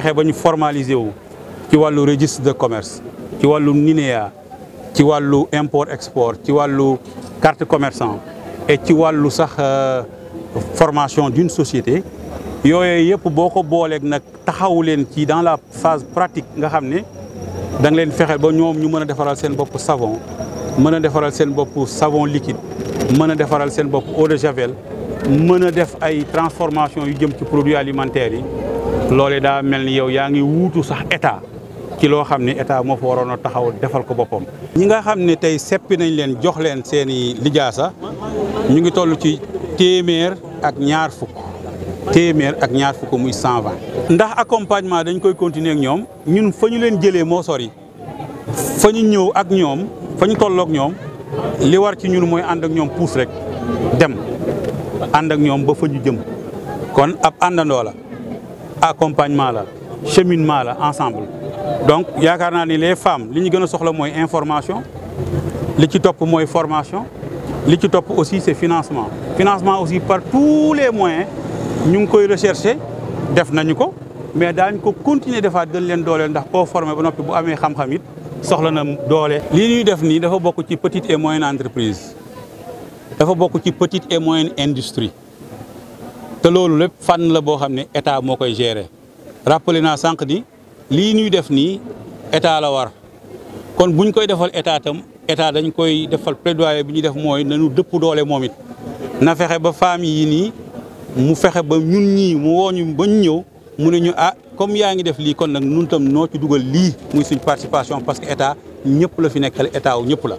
fexe ba ñu formaliser wu ci wàllu registre de commerce ci wàllu NINEA ci wàllu import export ci wàllu carte commerçant et ci wàllu sax euh, formation d'une société yooyu yëpp boo ko booleek nag taxawu leen ci dans la phase pratique nga xam ne da nga leen fexe ba ñoom ñu mën a defaral seen boppu savon mën a defaral seen bopp savon liquide mën a defaral seen bopp eau de javel mën a def ay transformation yu jëm ci produits alimentaires yi loole daa mel ni yow yaa ngi wuutu sax état ci loo xam ni état moo fa waroon a taxaw defal ko boppam. ñi nga xam ni tey seppi nañ leen jox leen seen i lijaasa ñu ngi toll ci téeméer ak ñaar fukk téeméer ak ñaar fukk muy cent vingt. ndax accompagnement dañ koy continuer ak ñoom ñun fa ñu leen jëlee moo sori fa ñu ñëw ak ñoom fa ñu tollook ñoom li war ci ñun mooy ànd ak ñoom puus rek dem ànd ak ñoom ba fa ñu jëm kon ab àndandoo la. accompagnement la cheminement la ensemble donc yaakaar ni les femmes li ñu gën a soxla mooy information li ci topp mooy formation li ci topp aussi c'est financement financement aussi par tous les moyens ñu ngi koy rechercher def nañu ko mais daañ ko continuer defaat gën leen dooleel ndax koo formé ba noppi bu amee xam-xam it soxla na doole lii ñuy def nii dafa bokk ci petite et moyenne entreprise dafa bokk ci petite et moyenne industrie te loolu lépp fànn la boo xam ne état moo koy gérer rappelé naa sànq ni lii ñuy def nii état la war kon buñ koy defal état tam état dañ koy defal plaidoyer bi ñuy def mooy nañu dëpp doole moom it na fexe ba famille yi nii mu fexe ba ñun ñii mu wooñu ba ñu ñëw mu ne ñu ah comme yaa ngi def lii kon nag nun tam noo dugal lii muy suñ participation parce que état ñëpp la fi nekkal état wu ñëpp la